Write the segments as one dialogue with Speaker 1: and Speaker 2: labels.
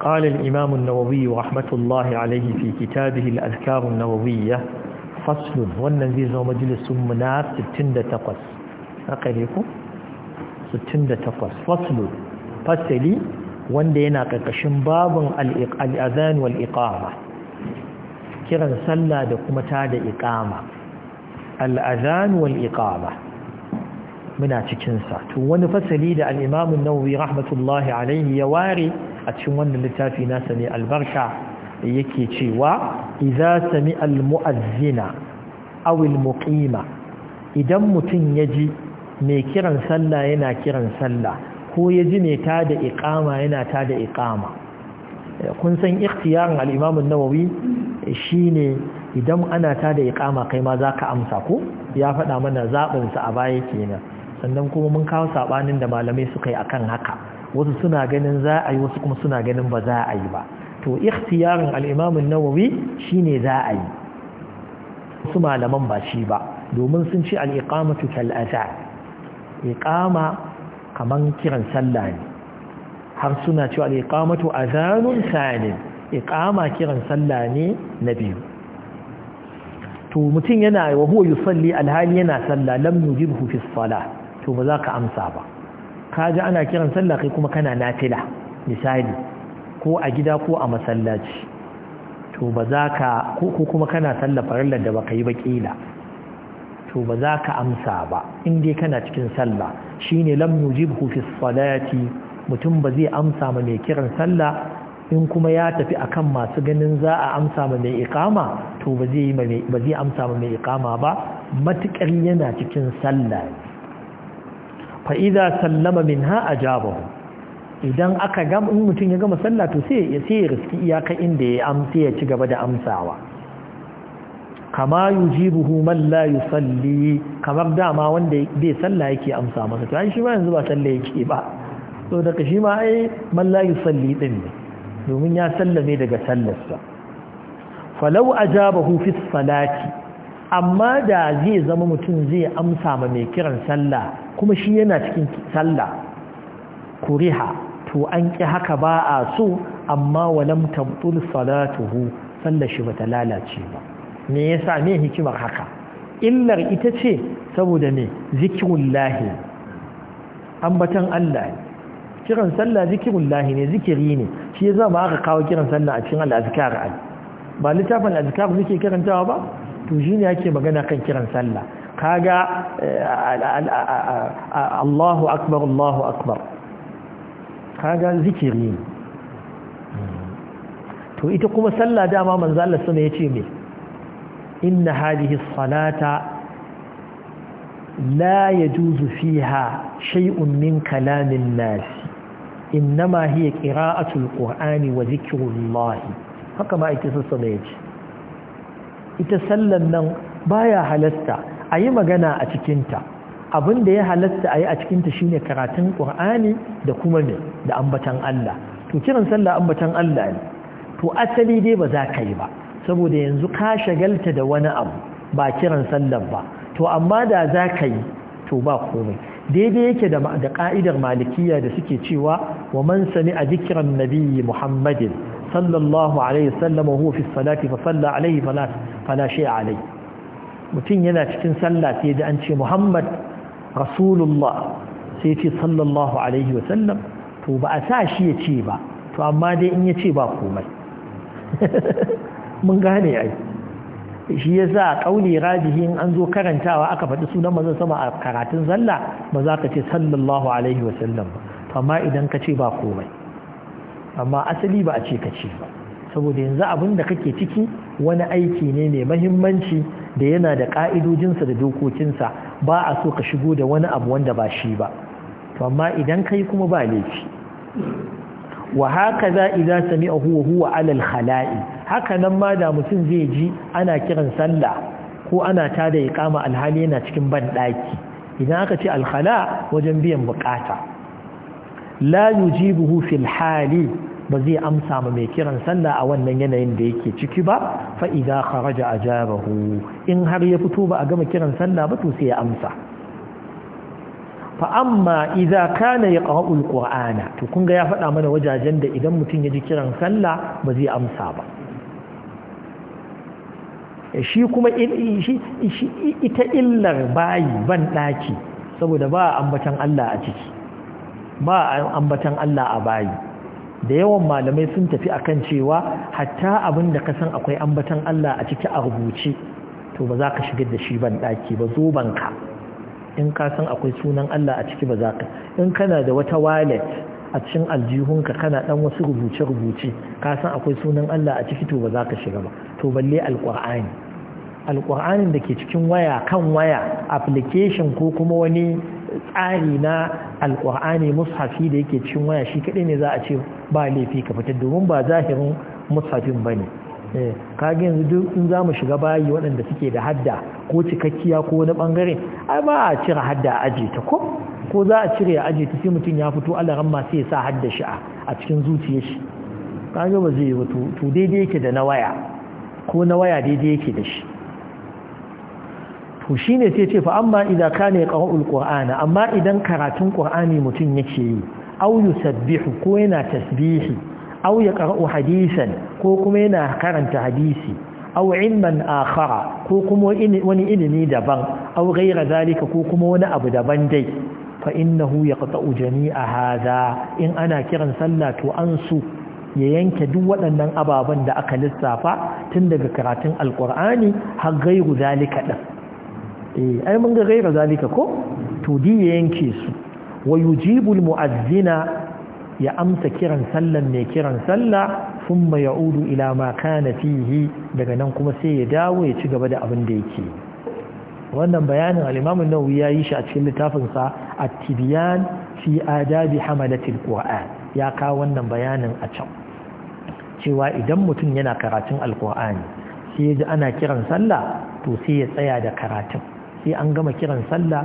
Speaker 1: قال الإمام النووي رحمة الله عليه في كتابه الأذكار النووية فصل والنزيز ومجلس منار ستين تقص أقليكم ستين تقص فصل فصلي واندينا قشن باب الأذان والإقامة كرا سلا دقمتا دا إقامة الأذان والإقامة منا تكنسا ونفصلي دا الإمام النووي رحمة الله عليه يواري a cikin wannan littafi nasa ne albarka yake cewa idza sami almu'azzina aw almuqima idan mutun yaji mai kiran sallah yana kiran sallah ko yaji mai tada iqama yana tada iqama kun san ikhtiyarin al-imam an-nawawi shine idan ana tada iqama kai ma zaka amsa ko ya faɗa mana zabin sa a baya kenan sannan kuma mun kawo sabanin da malamai suka yi akan haka wasu suna ganin za a yi wasu kuma suna ganin ba za a yi ba to ikhtiyarin al'imamin nawawi shine za a yi wasu malaman ba shi ba domin sun ci al'iƙamatu kal'aza iƙama kaman kiran sallah ne har suna cewa al'iƙamatu azanun sanin iƙama kiran sallah ne na biyu to mutum yana wa huwa yusalli alhali yana sallah lam yujibhu fi salah to ba za ka amsa ba ka ji ana kiran sallah kai kuma kana nafila misali ko a gida ko a masallaci to ba za ka ko kuma kana sallah farallar da baka yi ba kila to ba za ka amsa ba in dai kana cikin sallah ne Lamnu yujibhu fi salati mutum ba zai amsa ma mai kiran sallah in kuma ya tafi akan masu ganin za a amsa ma mai iqama to ba zai amsa ma mai iqama ba matukar yana cikin sallah fa'iza sallama min ha'a idan aka gama in mutum ya gama sallah to sai ya sai riski iyaka inda ya amsa ya ci gaba da amsawa kama yujibuhu man la yusalli kamar dama wanda bai sallah yake amsa masa to ai shi ma yanzu ba sallah yake ba to daga shi ma ai man la yusalli din ne domin ya sallame daga sallarsa falau ajabahu fi salati amma da zai zama mutum zai amsa ma mai kiran sallah kuma shi yana cikin sallah kuriha to an ƙi haka ba a so amma walam tabtul salatuhu sallar shi bata lalace ba me yasa me hikimar haka illar ita ce saboda me lahi. ambatan Allah kiran sallah lahi ne zikiri ne shi yasa ba aka kawo kiran sallah a cikin al-azkar ba littafin al-azkar zike karantawa ba to shi ne ake magana kan kiran sallah kaga eh, Allahu akbar Allahu akbar kaga zikiri to ita kuma sallah dama manzo Allah sama yace me inna hadhihi salata la yajuzu fiha shay'un min kalamin nas innama hiya qira'atul qur'ani wa zikrullah haka ma ita sallah yace ita sallan nan baya halasta a yi magana a cikinta abin da ya halasta a yi a cikinta shine karatun ƙur'ani da kuma ne da ambatan Allah to kiran sallah ambatan Allah ne to asali dai ba za ka yi ba saboda yanzu ka shagalta da wani abu ba kiran sallah ba to amma da za ka yi to ba komai daidai yake da da ka'idar malikiya da suke cewa wa man sami a zikiran nabiyyi muhammadin sallallahu alaihi wasallam huwa fi salati fa salla alaihi fa fala shi alai mutum yana cikin sallah sai da an ce muhammad rasulullah sai ce sallallahu alaihi wasallam to ba a sa shi ya ce ba to amma dai in ya ce ba komai mun gane ai shi ya sa ƙauli rajihi in an zo karantawa aka faɗi sunan mazan sama a karatun zalla ba za ka ce sallallahu alaihi wasallam ba amma idan ka ce ba komai amma asali ba a ce ka ce ba saboda yanzu abin da kake ciki wani aiki ne mai mahimmanci da yana da ƙa'idojinsa da dokokinsa ba a so ka shigo da wani abu wanda ba shi ba amma idan kai kuma ba laifi wa haka za iza sami a huwa huwa alal khala'i haka nan ma da mutum zai ji ana kiran sallah ko ana tada ya kama alhali yana cikin banɗaki idan aka ce alhala wajen biyan bukata la yujibuhu fil hali ba zai amsa ma mai kiran sallah a wannan yanayin da yake ciki ba fa idza a ajabahu in har ya fito ba a gama kiran sallah ba to sai ya amsa fa amma idza ya yaqra'u alqur'ana to kun ya faɗa mana wajajen da idan mutum ya ji kiran sallah ba zai amsa ba shi kuma ita illar bayi ban ɗaki saboda ba ambatan Allah a ciki ba ambatan Allah a bayi da yawan malamai sun tafi a kan cewa hatta abin da kasan akwai ambatan Allah a ciki a rubuce to ba za ka shigar da shi ban ɗaki ba zo banka in ka san akwai sunan Allah a ciki ba za ka in kana da wata wallet a cikin aljihunka kana ɗan wasu rubuce-rubuce ka san akwai sunan Allah a ciki to ba za ka shiga ba to balle alƙur'ani alƙur'anin da ke cikin waya kan waya application ko kuma wani tsari na alƙur'ani mushafi da yake cikin waya shi kaɗai ne za a ce ba laifi ka fitar domin ba zahirin mushafin ba ne eh, kage yanzu duk in za mu shiga bayi waɗanda suke da hadda ko cikakkiya ko wani ɓangare ai ba a cire hadda a aji ta ko ko za a cire a aji ta sai mutum ya fito Allah ramma sai ya sa hadda shi a cikin zuciya shi kaga ba zai yi to daidai yake da na waya ko na waya daidai yake da shi to ne sai ce fa amma idan kana yaqra'ul qur'ana amma idan karatun ƙur'ani mutum yake yi auyu sabbihu ko yana tasbihi ya karu hadisan ko kuma yana karanta hadisi aw ilman akhara ko kuma wani ilimi daban au ghayra zalika ko kuma wani abu daban dai fa innahu yaqta'u jami'a hadha in ana kiran sallah to an su ya yanke duk waɗannan ababen da aka lissafa tun daga karatun alƙur'ani har gairu zalika ɗin eh ai mun ga gaira zalika ko to di ya yanke su wa yujibu mu'azzina ya amsa kiran sallan mai kiran sallah thumma ya'udu ila ma kana fihi daga nan kuma sai ya dawo ya ci gaba da abin da yake wannan bayanin al-Imam an-Nawawi ya yi shi a cikin littafin sa At-Tibyan fi Adabi Hamalatil Qur'an ya kawo wannan bayanin a can cewa idan mutum yana karatun al-Qur'ani sai ya ji ana kiran sallah to sai ya tsaya da karatun sai an gama kiran sallah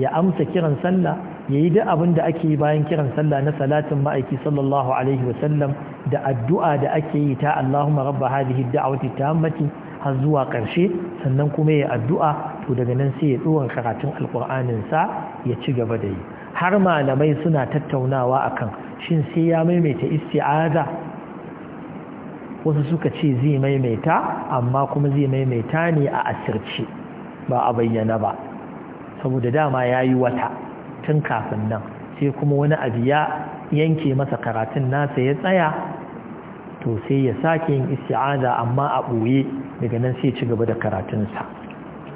Speaker 1: ya amsa kiran sallah ya yi duk abin da ake yi bayan kiran sallah na salatin ma'aiki sallallahu alaihi wasallam da addu'a da ake yi ta Allahumma rabba hadhihi da'wati tammati har zuwa ƙarshe sannan kuma ya addu'a to daga nan sai ya tsohon karatun alƙur'anin sa ya ci gaba da yi har malamai suna tattaunawa akan shin sai ya maimaita isti'aza wasu suka ce zai maimaita amma kuma zai maimaita ne a asirce ba a bayyana ba saboda dama ya yi wata tun kafin nan sai kuma wani abu ya yanke masa karatun nasa ya tsaya to sai ya sake yin isti'aza amma a ɓoye daga nan sai ci gaba da karatunsa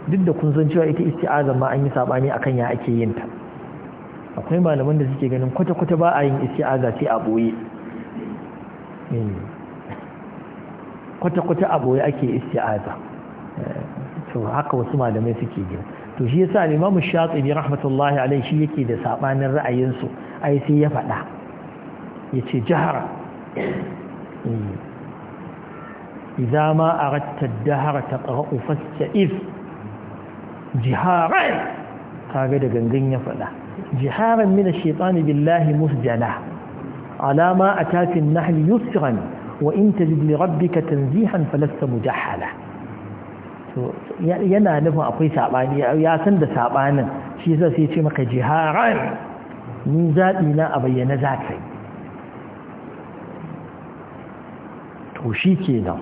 Speaker 1: duk da kun san cewa ita isti'aza ma an yi saɓani akan ya ake yin ta akwai malaman da suke ganin kwata-kwata ba a yin isti'aza sai a ɓoye eh. kwata-kwata a ɓoye ake isti'aza to haka wasu malamai suke gina to shi yasa al-Imam Shatibi rahmatullahi alai shi yake da sabanin ra'ayinsu su ai sai ya faɗa yace jahara eh. idza ma aradta ad-dahra taqra'u fasta'if jiharan kaga da gangan ya faɗa jiharan min ash-shaytani billahi musjala ala ma atati an-nahl yusran wa in tajid li rabbika tanzihan falasta mujahhala yana nufin akwai saɓani ya san da saɓanin shi zai sai ce maka jiharar ni zaɓi na a bayyana za ka yi to shi ke nan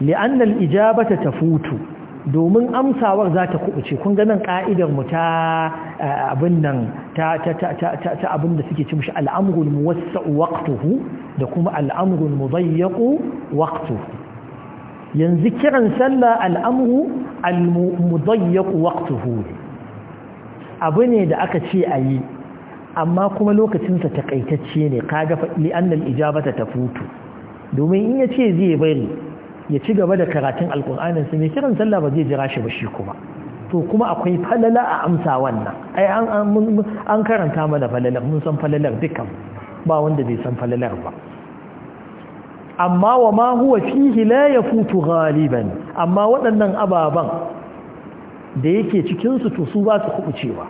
Speaker 1: li'annan ijabata ta futu domin amsawar za ta kuɓuce kun ganin ƙa'idar mu ta eh, abin nan ta abin da suke cimshi al'amurul mu wasu waktuhu da kuma al'amurul mu bayyaku waqtuhu yanzu kiran sallah al'amru al-mudayyiq waqtuhu abu ne da aka ce a yi. amma kuma lokacinsa takaitacce ne kaga fa li annal ijabata tafutu domin in ya ce zai bari ya ci gaba da karatun alkur'anin su mai kiran sallah ba zai jira shi ba shi kuma to kuma akwai falala a amsa wannan ai an karanta mana falalar mun san falalar dukkan. ba wanda bai san falalar ba amma wa ma huwa fihi la yafutu ghaliban amma waɗannan ababan da yake cikin su to su ba su cewa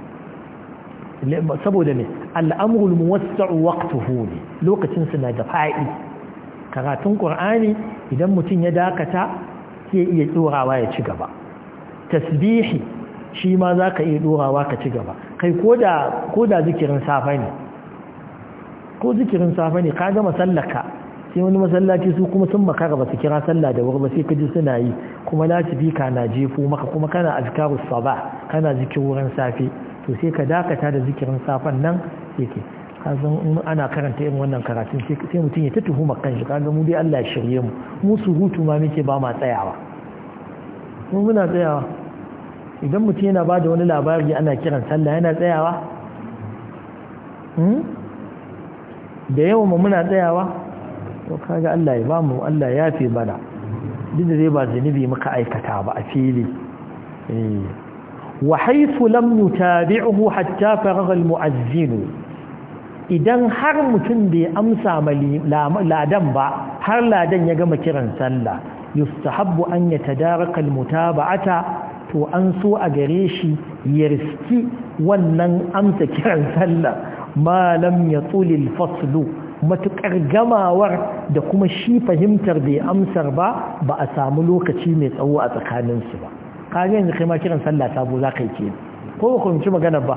Speaker 1: saboda ne al'amrul muwassa'u waqtuhu ne lokacin su na da fa'i karatun qur'ani idan mutum ya dakata sai iya tsorawa ya ci gaba tasbihi shi ma zaka iya dorawa ka ci gaba kai koda koda zikirin safa ne ko zikirin safa ne ka gama sallaka sai wani masallaci su kuma sun makara ba su kira sallah da wuri ba sai kaji suna yi kuma latifi ka na jefo maka kuma kana azkaru saba kana zikirin safe to sai ka dakata da zikirin safan nan yake kazan in ana karanta irin wannan karatun sai mutum ya ta shi ka kaga mu dai Allah ya shirye mu mu hutu ma muke ba ma tsayawa mu muna tsayawa idan mutum yana ba da wani labari ana kiran sallah yana tsayawa hmm? da yawan muna tsayawa to kaga Allah ya bamu Allah ya fi bana duk da zai ba zunubi muka aikata ba a fili eh. wa haythu lam yutabi'uhu hatta faragha almu'azzin idan har mutum bai amsa ladan ba har ladan ya gama kiran sallah yustahabbu an yatadaraka almutaba'ata mutabaata to an so a gare shi ya wannan amsa kiran sallah ma lam yatul alfaslu matuƙar gamawar da kuma shi fahimtar bai amsar ba ba a samu lokaci mai tsawo a tsakaninsu ba kaga yanzu kai ma kiran sallah sabo za ka yi ke ko ba ku magana ba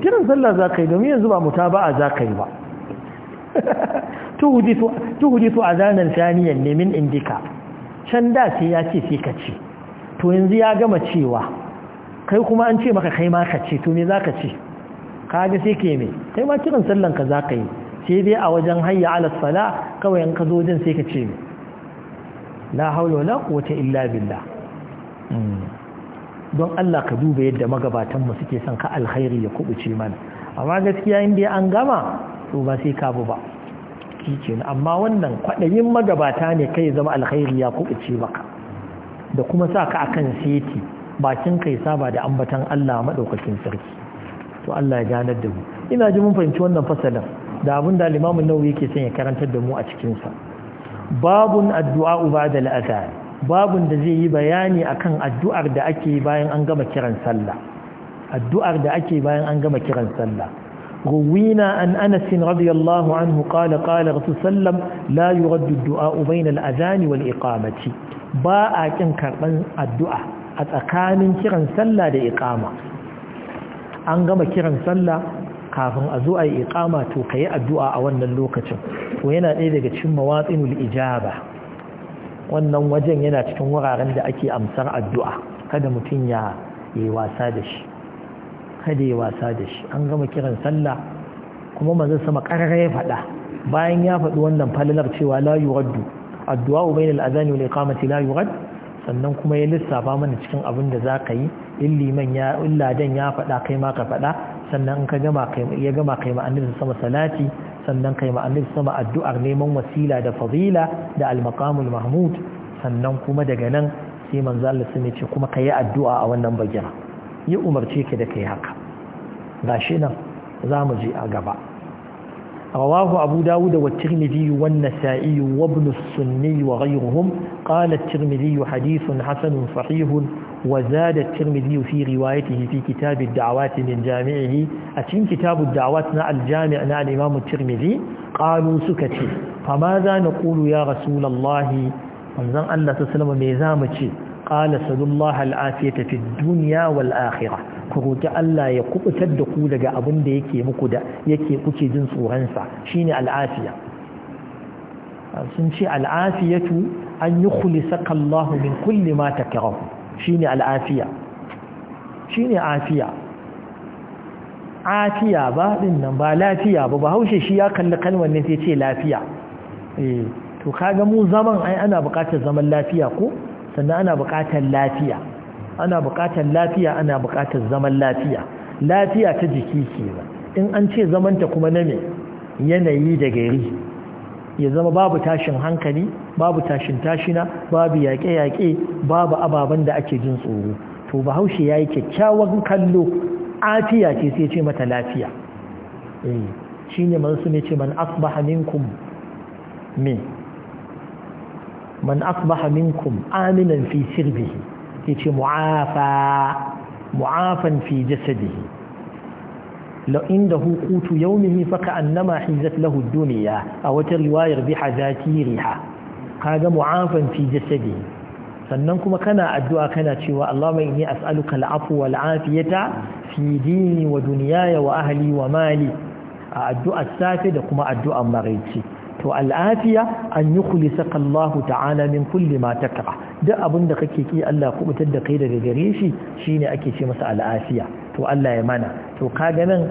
Speaker 1: kiran sallah za ka yi domin yanzu ba muta ba a za ka yi ba a zanen saniyan ne min indika can da sai ya ce sai ka ce to yanzu ya gama cewa kai kuma an ce maka kai ma ka ce to me za ka ce kaga sai ke me kai ma kiran sallan ka za ka yi sai dai a wajen hayya ala sala kawai in ka zo jin sai ka ce la haula wala quwwata illa billah hmm. don Allah ka duba yadda magabatan mu suke son ka alkhairi ya kubuce mana amma gaskiya in dai an gama to ba sai ka bu ba shikenan amma wannan kwadayin magabata ne kai zama alkhairi ya kubuce maka da kuma sa ka akan seti bakin kai saba da ambatan Allah madaukakin sarki to Allah ya ganar da mu ina ji mun fahimci wannan fasalin da abin da limamin nau yake son ya karantar da mu a cikinsa babun addu’a uba da la’ada babun da zai yi bayani a kan addu’ar da ake bayan an gama kiran sallah addu’ar da ake bayan an gama kiran sallah ruwina an anasin radiyallahu an hukala kala rasu sallam la yi raddu addu’a ubain wal iqamati ba a ƙin karɓan addu’a a tsakanin kiran sallah da iqama an gama kiran sallah kafin a zo a yi iqama to ka yi addu'a a wannan lokacin to yana ɗaya daga cikin mawatsinul ijaba wannan wajen yana cikin wuraren da ake amsar addu'a kada mutum ya yi wasa da shi kada ya wasa da shi an gama kiran sallah kuma manzo sama karara ya faɗa bayan ya faɗi wannan falalar cewa la yuraddu addu'a bainal adhani wal iqamati la yurad sannan kuma ya lissafa mana cikin abin da za ka yi in liman in ladan ya faɗa kai ma ka faɗa sannan in ka gama kai ya gama kai ma sama salati sannan kai ma sama addu'ar neman wasila da fazila da al-maqamul mahmud sannan kuma daga nan sai manzo Allah sun ce kuma yi addu'a a wannan bagira Yi umarce ki da kai haka gashi nan za mu je a gaba رواه wa داود والترمذي والنسائي wa السني وغيرهم قال الترمذي حديث Hassanun sahihun وزاد الترمذي في روايته في كتاب الدعوات من جامعه أتين كتاب الدعوات نع الجامع نع الإمام الترمذي قالوا سكتي فماذا نقول يا رسول الله وانزان أن لا تسلم ميزامتي قال سل الله العافية في الدنيا والآخرة كروت ألا يقوم تدقوا لك أبن يكي مكدا يكي قتي جنس وغنسا شيني العافية سنشي العافية أن يخلصك الله من كل ما تكره shine al'afiya shine afiya afiya ba din nan ba lafiya ba ba haushe shi ya kalli kalmar ne sai ce lafiya eh to kaga mu zaman ai ana buƙatar zaman lafiya ko sannan ana buƙatar lafiya ana buƙatar lafiya ana buƙatar zaman lafiya lafiya ta jiki ke in an ce zamanta kuma na me yanayi da gari ya zama babu tashin hankali babu tashin tashina babu yaƙe-yaƙe babu ababen da ake jin tsoro to bahaushe ya yi kyakkyawan kallo afiya ce sai ce mata lafiya eh, shi ne mansu ne ce man asbaha minkum min man asbaha minkum aminan fi sirbihi ke ce mu'afa mu'afan fi jasadihi لعنده قوت يومه فكأنما حيزت له الدنيا أو رواية بها ذاتيرها هذا معافا في جسده سننكم كان الدعاء كان شوى اللهم إني أسألك العفو والعافية في ديني ودنياي وأهلي ومالي الدعاء السافد كما الدعاء مريتي to al'afiya an yi kulisaka Allah ta'ala min kulli ma takra duk abin da kake ki Allah kubutar da kai daga gare shi shine ake ce masa al'afiya to Allah ya mana to ka nan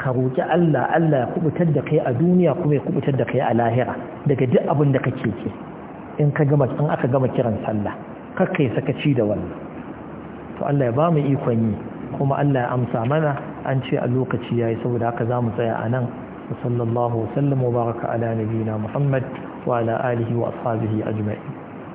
Speaker 1: ka roki Allah Allah ya kubutar da kai a duniya kuma ya kubutar da kai a lahira daga duk abin da kake ke in ka gama in aka gama kiran sallah kar kai sakaci da wannan to Allah ya ba mu ikon yi kuma Allah ya amsa mana an ce a lokaci yayi saboda haka zamu tsaya a nan sallallahu wa sallam wa baraka ala nabiyina Muhammad wa ala alihi wa ashabihi ajma'in